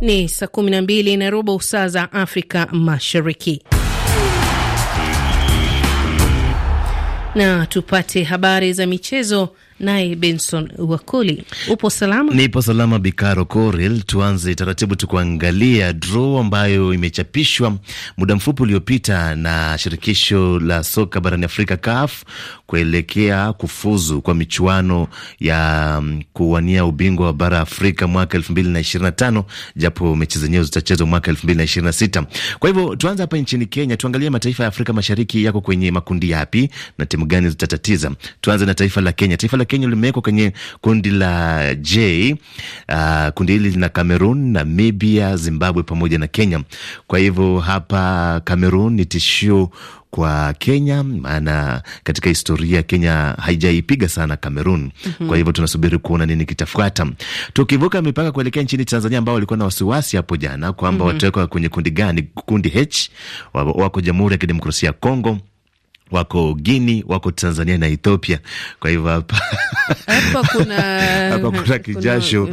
Ni saa 12 na robo saa za Afrika Mashariki, na tupate habari za michezo Naye Benson Wakoli, upo salama? Nipo salama, Bikaro Koril. Tuanze taratibu, tukuangalia draw ambayo imechapishwa muda mfupi uliopita na shirikisho la soka barani Afrika CAF kuelekea kufuzu kwa michuano ya mm, kuwania ubingwa wa bara Afrika mwaka elfu mbili na ishirini na tano japo mechi zenyewe zitachezwa mwaka elfu mbili na ishirini na sita. Kwa hivyo tuanze hapa nchini Kenya, tuangalie mataifa ya Afrika Mashariki yako kwenye makundi yapi na timu gani zitatatiza. Tuanze na taifa la Kenya. Taifa la Kenya limewekwa kwenye kundi la J. Uh, kundi hili lina Cameroon, Namibia, Zimbabwe pamoja na Kenya. Kwa hivyo hapa Cameroon ni tishio kwa Kenya, maana katika historia Kenya haijaipiga sana Cameroon. mm -hmm. Kwa hivyo tunasubiri kuona nini kitafuata. Tukivuka mipaka kuelekea nchini Tanzania, ambao walikuwa na wasiwasi hapo jana kwamba mm -hmm. watawekwa kwenye kundi gani? Kundi H, wako Jamhuri ya Kidemokrasia ya Kongo wako Guini, wako Tanzania na Ethiopia. Kwa hivyo hapa hapa kuna, hapa kuna kijasho,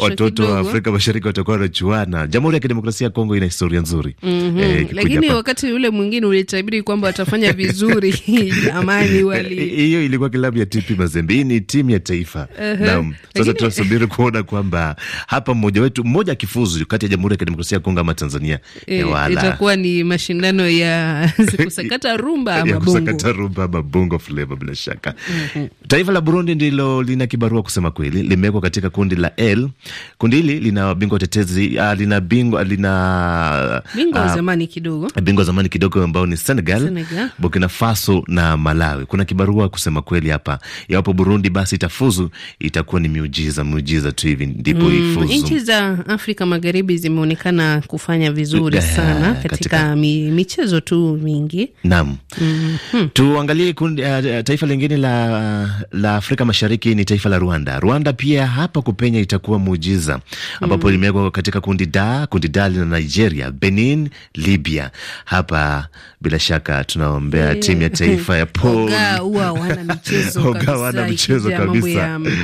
watoto wa Afrika Mashariki watakuwa wanachuana. Jamhuri ya Kidemokrasia ya Kongo ina historia nzuri mm -hmm. Eh, lakini wakati ule mwingine ulitabiri kwamba watafanya vizuri amani wali eh, hiyo ilikuwa klabu ya TP Mazembe, hii ni timu ya taifa uh -huh. Naam, sasa lakini... tunasubiri kuona kwamba hapa mmoja wetu mmoja akifuzu kati ya Jamhuri ya Kidemokrasia ya Kongo ama Tanzania eh, itakuwa ni mashindano ya kusakata rumba ama kusakata rumba ama bongo flava bila shaka. mm -hmm. Taifa la Burundi ndilo lina kibarua kusema kweli, limewekwa katika kundi la L. Kundi hili lina bingwa tetezi uh, ah, lina bingwa lina bingwa uh, zamani kidogo bingwa zamani kidogo ambao ni Senegal, Senegal, Burkina Faso na Malawi. Kuna kibarua kusema kweli hapa. Iwapo Burundi basi itafuzu, itakuwa ni miujiza miujiza tu, hivi ndipo mm, ifuzu. Nchi za Afrika Magharibi zimeonekana kufanya vizuri eh, sana katika, katika mi, michezo tu mingi. Naam. Mm. Hmm. Tuangalie kundi, uh, taifa lingine la, uh, la Afrika Mashariki ni taifa la Rwanda. Rwanda pia hapa kupenya itakuwa muujiza ambapo hmm, limewekwa katika kundi da, kundi da lina Nigeria, Benin, Libya. Hapa bila shaka tunaombea hey, eh. timu ya taifa ya Paul. Wana michezo kabisa.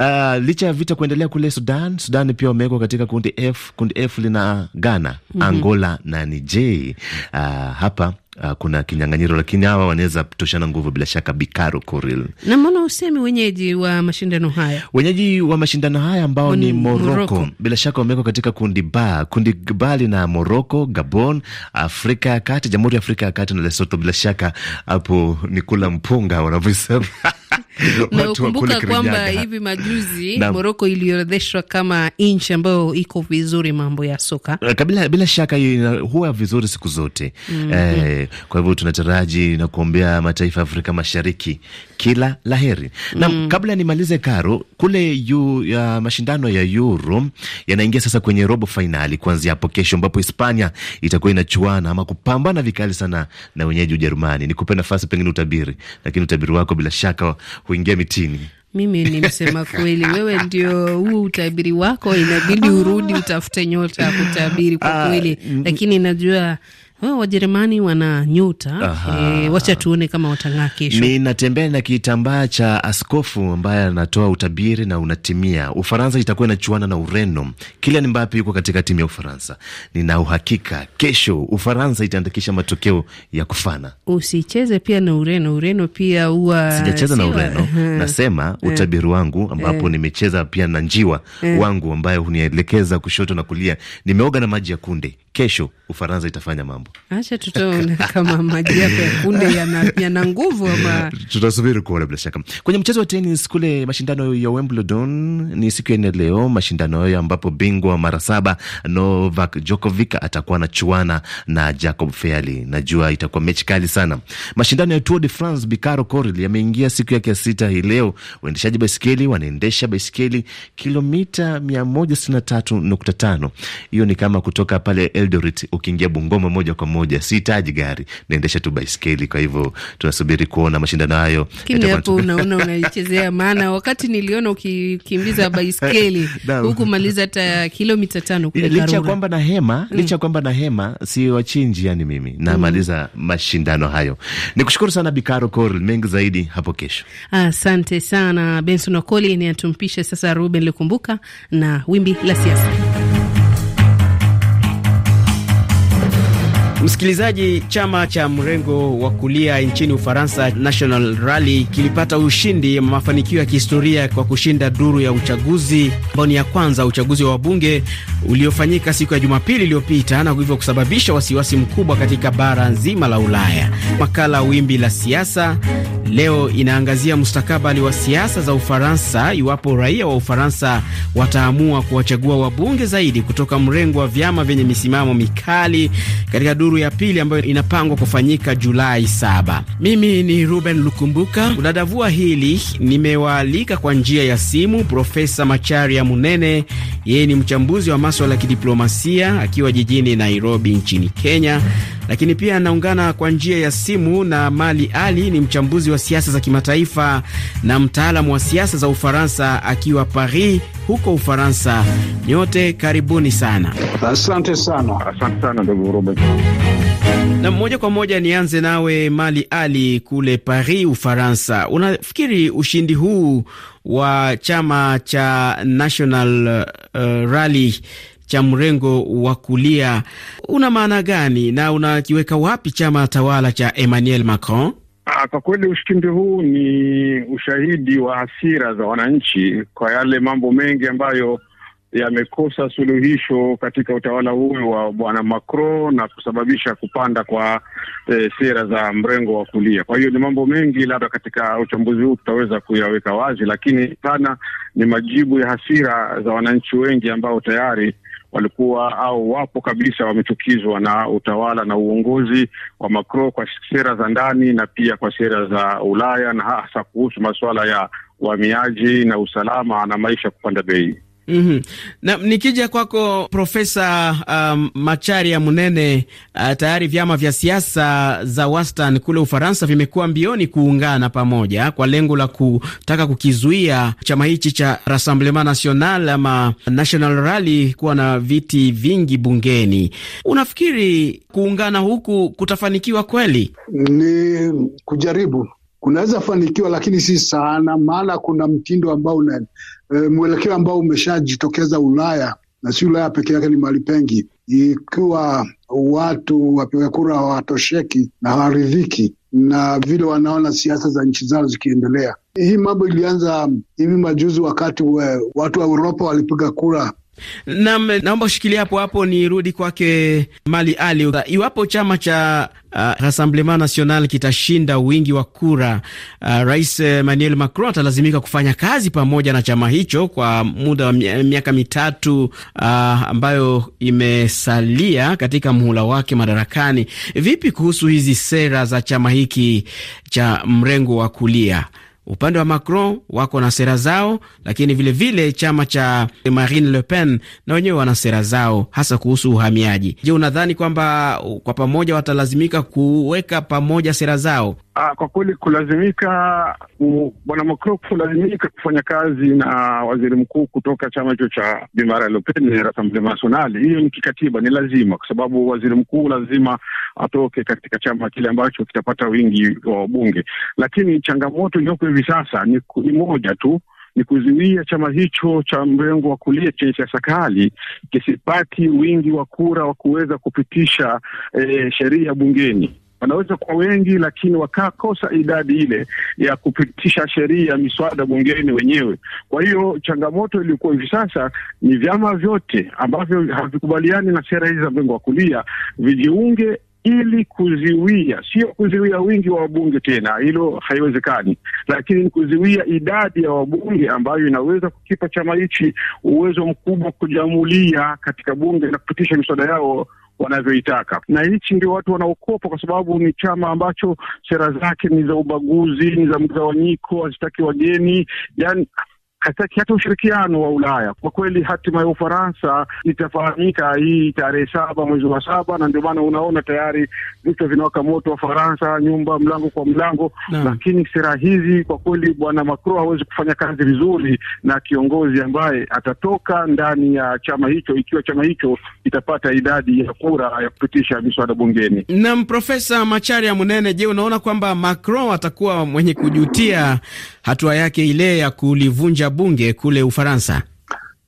Uh, licha ya vita kuendelea kule Sudan, Sudan pia wamewekwa katika kundi F. Kundi F lina Ghana, hmm, Angola na Niger. Uh, hapa uh, kuna kinyang'anyiro, lakini hawa wanaweza toshana nguvu bila shaka. Bikaro Koril, na mbona usemi wenyeji wa mashindano haya, wenyeji wa mashindano haya ambao ni Moroko, bila shaka wamewekwa katika kundi ba, kundi bali na Moroko, Gabon, Afrika ya Kati, Jamhuri ya Afrika ya Kati na Lesoto. Bila shaka hapo ni kula mpunga wanavyosema Nakumbuka kwamba hivi majuzi Moroko iliorodheshwa kama nchi ambayo iko vizuri mambo ya soka. Eh, kabila, bila shaka hiyo huwa vizuri siku zote mm -hmm. Eh, kwa hivyo tunataraji na kuombea mataifa ya Afrika Mashariki kila heri na mm. Mm-hmm. Kabla nimalize karo kule yu, ya mashindano ya Euro yanaingia sasa kwenye robo fainali kuanzia hapo kesho, ambapo Hispania itakuwa inachuana ama kupambana vikali sana na wenyeji Ujerumani. Nikupe nafasi pengine utabiri, lakini utabiri wako bila shaka huingia mitini. Mimi ni msema kweli, wewe ndio huu utabiri wako, inabidi urudi utafute nyota ya kutabiri kwa ah, kweli, lakini najua wao Wajerumani wana nyota e, wacha tuone kama watang'aa kesho. natembea na kitambaa cha askofu ambaye anatoa utabiri na unatimia. Ufaransa itakuwa inachuana na Ureno. Kylian Mbappe yuko katika timu ya Ufaransa, nina uhakika kesho Ufaransa itaandikisha matokeo ya kufana. Usicheze pia na Ureno. Ureno pia huwa sijacheza na Ureno, nasema eh. utabiri wangu ambapo eh. nimecheza pia na njiwa wangu ambaye hunielekeza kushoto na kulia, nimeoga na maji ya kunde Kesho Ufaransa itafanya mambo, acha tutaona kama maji yako ya kunde yana nguvu ama. Tutasubiri kuona. Bila shaka kwenye mchezo wa tenis kule, mashindano ya Wimbledon ni siku ya nne leo, mashindano hayo ambapo bingwa mara saba Novak Djokovic atakuwa anachuana na Jacob Fairley. Najua itakuwa mechi kali sana. Mashindano ya Tour de France Bicaro Coril yameingia siku yake ya sita hii leo. Waendeshaji baiskeli wanaendesha baiskeli kilomita 163.5 hiyo ni kama kutoka pale Eldoret, ukiingia Bungoma moja kwa moja, sihitaji gari, naendesha tu baiskeli. Kwa hivyo tunasubiri kuona mashindano hayo. Hapo unaona unaichezea, maana wakati niliona ukikimbiza baiskeli huku maliza hata kilomita tano kule Karura, licha kwamba na hema mm, licha kwamba na hema si wachinji, yani mimi namaliza mm, mashindano hayo. Nikushukuru sana Bikaro mengi zaidi hapo kesho. Asante sana Benson Wakoli, ni atumpishe sasa Ruben na wimbi la siasa. Msikilizaji, chama cha mrengo wa kulia nchini Ufaransa, National Rally, kilipata ushindi, mafanikio ya kihistoria kwa kushinda duru ya uchaguzi ambao ni ya kwanza, uchaguzi wa wabunge uliofanyika siku ya Jumapili iliyopita, na hivyo kusababisha wasiwasi mkubwa katika bara nzima la Ulaya. Makala Wimbi la Siasa leo inaangazia mustakabali wa siasa za Ufaransa iwapo raia wa Ufaransa wataamua kuwachagua wabunge zaidi kutoka mrengo wa vyama vyenye misimamo mikali katika duru ya pili ambayo inapangwa kufanyika Julai saba. Mimi ni Ruben Lukumbuka. Kudadavua hili nimewaalika kwa njia ya simu Profesa Macharia Munene, yeye ni mchambuzi wa maswala ya kidiplomasia akiwa jijini Nairobi nchini Kenya lakini pia anaungana kwa njia ya simu na Mali Ali, ni mchambuzi wa siasa za kimataifa na mtaalamu wa siasa za Ufaransa akiwa Paris huko Ufaransa. Nyote karibuni sana. Asante sana. Asante sana ndugu Robert. Na moja kwa moja nianze nawe Mali Ali kule Paris, Ufaransa. Unafikiri ushindi huu wa chama cha National uh, Rally cha mrengo wa kulia una maana gani na unakiweka wapi chama tawala cha Emmanuel Macron? Ah, kwa kweli ushindi huu ni ushahidi wa hasira za wananchi kwa yale mambo mengi ambayo yamekosa suluhisho katika utawala huo wa bwana Macron na kusababisha kupanda kwa e, sera za mrengo wa kulia. Kwa hiyo ni mambo mengi, labda katika uchambuzi huu tutaweza kuyaweka wazi, lakini sana ni majibu ya hasira za wananchi wengi ambao tayari walikuwa au wapo kabisa wamechukizwa na utawala na uongozi wa Macron kwa sera za ndani na pia kwa sera za Ulaya na hasa kuhusu masuala ya uhamiaji na usalama na maisha kupanda bei. Mm -hmm. Na nikija kwako Profesa um, Macharia Munene, uh, tayari vyama vya siasa za wastani kule Ufaransa vimekuwa mbioni kuungana pamoja kwa lengo la kutaka kukizuia chama hichi cha Rassemblement National ama National Rally kuwa na viti vingi bungeni. Unafikiri kuungana huku kutafanikiwa kweli? Ni kujaribu kunaweza fanikiwa, lakini si sana, maana kuna mtindo ambao e, mwelekeo ambao umeshajitokeza Ulaya na si Ulaya peke yake, ni mahali pengi. Ikiwa watu wapiga kura hawatosheki na hawaridhiki na vile wanaona siasa za nchi zao zikiendelea. Hii mambo ilianza hivi majuzi wakati we, watu wa Uropa walipiga kura nam naomba kushikilia hapo hapo, nirudi kwake Mali Ali. Iwapo chama cha uh, Rassemblement National kitashinda wingi wa kura, uh, Rais Emmanuel Macron atalazimika kufanya kazi pamoja na chama hicho kwa muda wa miaka mitatu uh, ambayo imesalia katika muhula wake madarakani. Vipi kuhusu hizi sera za chama hiki cha mrengo wa kulia? Upande wa Macron wako na sera zao, lakini vilevile vile chama cha Marine Le Pen na wenyewe wana sera zao, hasa kuhusu uhamiaji. Je, unadhani kwamba kwa pamoja watalazimika kuweka pamoja sera zao? Aa, ah, kwa kweli kulazimika bwana Macron kulazimika kufanya kazi na waziri mkuu kutoka chama hicho cha Bimara Le Rassemblement National, hiyo ni kikatiba, ni lazima, kwa sababu waziri mkuu lazima atoke katika chama kile ambacho kitapata wingi wa wabunge. Lakini changamoto iliyoko hivi sasa ni, ni moja tu ni kuzuia chama hicho cha mrengo wa kulia chenye siasa kali kisipati wingi wa kura wa kuweza kupitisha eh, sheria bungeni wanaweza kwa wengi, lakini wakakosa idadi ile ya kupitisha sheria ya miswada bungeni wenyewe. Kwa hiyo changamoto iliyokuwa hivi sasa ni vyama vyote ambavyo havikubaliani na sera hizi za mrengo wa kulia vijiunge ili kuziwia, sio kuziwia wingi wa wabunge tena, hilo haiwezekani, lakini kuziwia idadi ya wabunge ambayo inaweza kukipa chama hichi uwezo mkubwa kujamulia katika bunge na kupitisha miswada yao wanavyoitaka, na hichi ndio watu wanaokopa, kwa sababu ni chama ambacho sera zake ni za ubaguzi, ni za mgawanyiko, hazitaki wageni, yani hata ushirikiano wa Ulaya kwa kweli, hatima ya Ufaransa itafahamika hii tarehe saba mwezi wa saba, na ndio maana unaona tayari vichwa vinawaka moto wa Faransa, nyumba mlango kwa mlango na. Lakini sera hizi kwa kweli, bwana Macron hawezi kufanya kazi vizuri na kiongozi ambaye atatoka ndani ya chama hicho, ikiwa chama hicho itapata idadi ya kura ya kupitisha miswada bungeni. Nam Profesa Macharia Munene, je, unaona kwamba Macron atakuwa mwenye kujutia hatua yake ile ya kulivunja bunge kule Ufaransa?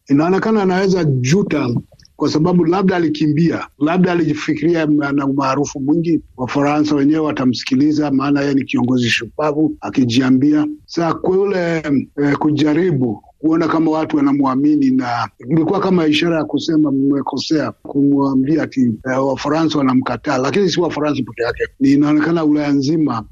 Inaonekana anaweza juta kwa sababu labda alikimbia, labda alijifikiria ana umaarufu mwingi, Wafaransa wenyewe watamsikiliza, maana yeye ni kiongozi shupavu, akijiambia saa kule eh, kujaribu kuona kama watu wanamwamini, na ilikuwa kama ishara ya kusema mmekosea kumwambia ati eh, Wafaransa wanamkataa. Lakini si Wafaransa peke yake, ni inaonekana Ulaya nzima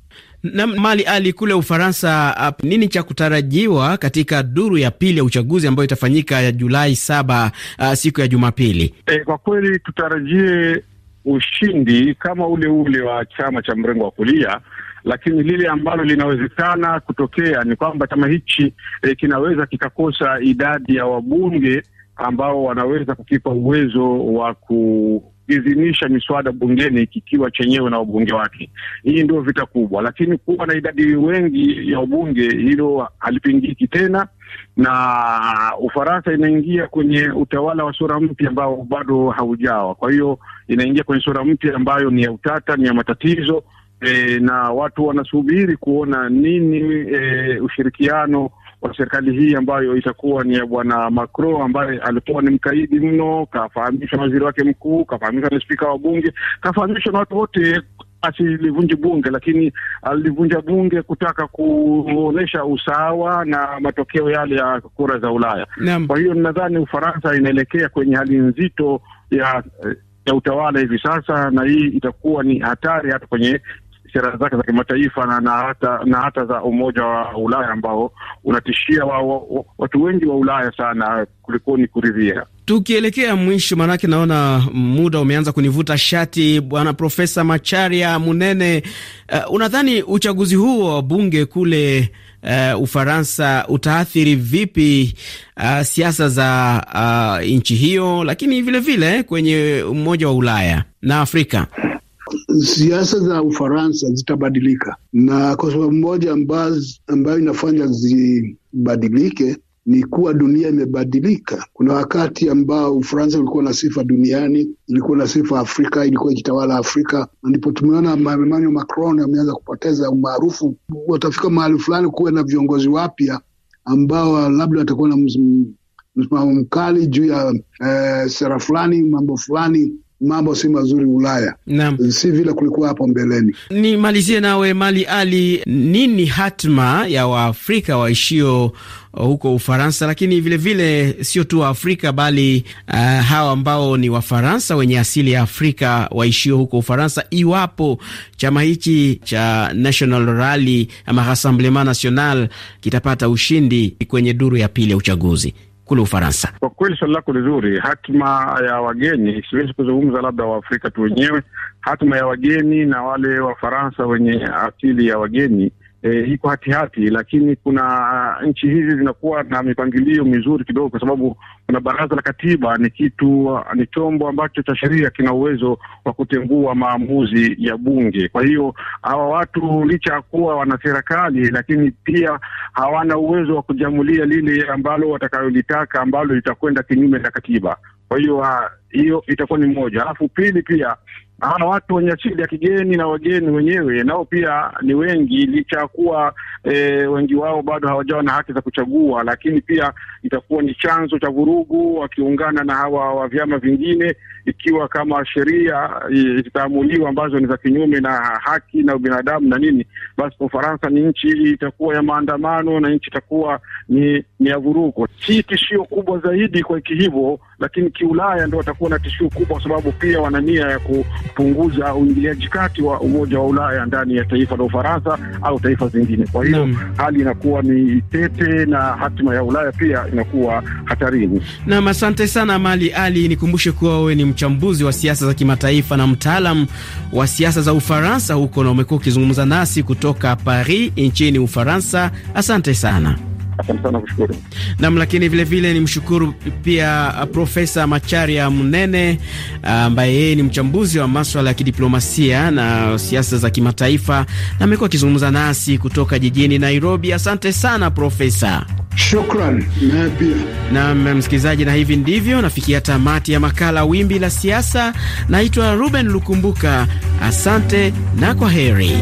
na Mali Ali kule Ufaransa, ap, nini cha kutarajiwa katika duru ya pili ya uchaguzi ambayo itafanyika ya Julai saba, a, siku ya Jumapili? E, kwa kweli tutarajie ushindi kama ule ule wa chama cha mrengo wa kulia lakini lile ambalo linawezekana kutokea ni kwamba chama hichi e, kinaweza kikakosa idadi ya wabunge ambao wanaweza kukipa uwezo wa ku kuidhinisha miswada bungeni kikiwa chenyewe na wabunge wake. Hii ndio vita kubwa, lakini kuwa na idadi wengi ya wabunge hilo halipingiki tena, na Ufaransa inaingia kwenye utawala wa sura mpya ambao bado haujawa. Kwa hiyo inaingia kwenye sura mpya ambayo ni ya utata, ni ya matatizo e, na watu wanasubiri kuona nini e, ushirikiano wa serikali hii ambayo itakuwa ni ya bwana Macron ambaye alikuwa ni mkaidi mno, kafahamishwa na waziri wake mkuu, kafahamishwa na spika wa bunge, kafahamishwa na watu wote asilivunji bunge, lakini alivunja bunge kutaka kuonyesha usawa na matokeo yale ya kura za Ulaya. Kwa hiyo nadhani Ufaransa inaelekea kwenye hali nzito ya ya utawala hivi sasa, na hii itakuwa ni hatari hata kwenye sera zake za kimataifa na, na, hata, na hata za Umoja wa Ulaya ambao unatishia wa, wa, wa, watu wengi wa Ulaya sana kulikoni kuridhia. Tukielekea mwisho, maanake naona muda umeanza kunivuta shati, bwana Profesa Macharia Munene, uh, unadhani uchaguzi huu wa bunge kule uh, Ufaransa utaathiri vipi uh, siasa za uh, nchi hiyo, lakini vilevile vile kwenye Umoja wa Ulaya na Afrika? siasa za Ufaransa zitabadilika, na kwa sababu moja ambayo inafanya zibadilike ni kuwa dunia imebadilika. Kuna wakati ambao Ufaransa ulikuwa na sifa duniani, ilikuwa na sifa Afrika, ilikuwa ikitawala Afrika, na ndipo tumeona Emmanuel Macron ameanza kupoteza umaarufu. Watafika mahali fulani kuwe na viongozi wapya ambao labda watakuwa na msimamo mkali juu ya eh, sera fulani, mambo fulani mambo si mazuri Ulaya Naam. si vile kulikuwa hapo mbeleni. Nimalizie nawe Mali Ali, nini hatma ya Waafrika waishio uh, huko Ufaransa, lakini vilevile sio tu Waafrika bali uh, hawa ambao ni Wafaransa wenye asili ya Afrika waishio huko Ufaransa, iwapo chama hichi cha National Rally ama Rassemblement National kitapata ushindi kwenye duru ya pili ya uchaguzi? kule Ufaransa. Kwa kweli swali lako ni zuri. Hatima ya wageni, siwezi kuzungumza labda Waafrika tu wenyewe, hatima ya wageni na wale Wafaransa wenye asili ya wageni e, iko hatihati, lakini kuna uh, nchi hizi zinakuwa na mipangilio mizuri kidogo, kwa sababu kuna baraza la katiba. Ni kitu uh, ni chombo ambacho cha sheria kina uwezo wa kutengua maamuzi ya bunge. Kwa hiyo hawa watu licha ya kuwa wana serikali, lakini pia hawana uwezo wa kujamulia lile ambalo watakayolitaka ambalo litakwenda kinyume na katiba. Kwa hiyo uh, hiyo itakuwa ni moja, alafu pili pia hawa watu wenye asili ya kigeni na wageni wenyewe nao pia ni wengi, licha ya kuwa e, wengi wao bado hawajawa na haki za kuchagua, lakini pia itakuwa ni chanzo cha vurugu wakiungana na hawa wa vyama vingine, ikiwa kama sheria eh, zitaamuliwa ambazo ni za kinyume na haki na ubinadamu na nini, basi kwa Ufaransa ni nchi itakuwa ya maandamano na nchi itakuwa ni, ni ya vurugu. Hii tishio kubwa zaidi kwa iki hivyo lakini kiulaya ndo watakuwa na tishio kubwa, kwa sababu pia wana nia ya kupunguza uingiliaji kati wa Umoja wa Ulaya ndani ya taifa la Ufaransa au taifa zingine. Kwa hiyo hali inakuwa ni tete na hatima ya Ulaya pia inakuwa hatarini. Nam, asante sana Mali Ali. Nikumbushe kuwa wewe ni mchambuzi wa siasa za kimataifa na mtaalam wa siasa za Ufaransa huko, na umekuwa ukizungumza nasi kutoka Paris nchini Ufaransa. Asante sana. Asante sana kushukuru nam. Lakini vilevile ni mshukuru pia uh, Profesa Macharia mnene uh, ambaye yeye ni mchambuzi wa maswala ya kidiplomasia na siasa za kimataifa na amekuwa akizungumza nasi kutoka jijini Nairobi. Asante sana Profesa. Shukran na msikilizaji, na hivi ndivyo nafikia tamati ya makala Wimbi la Siasa. Naitwa Ruben Lukumbuka, asante na kwa heri.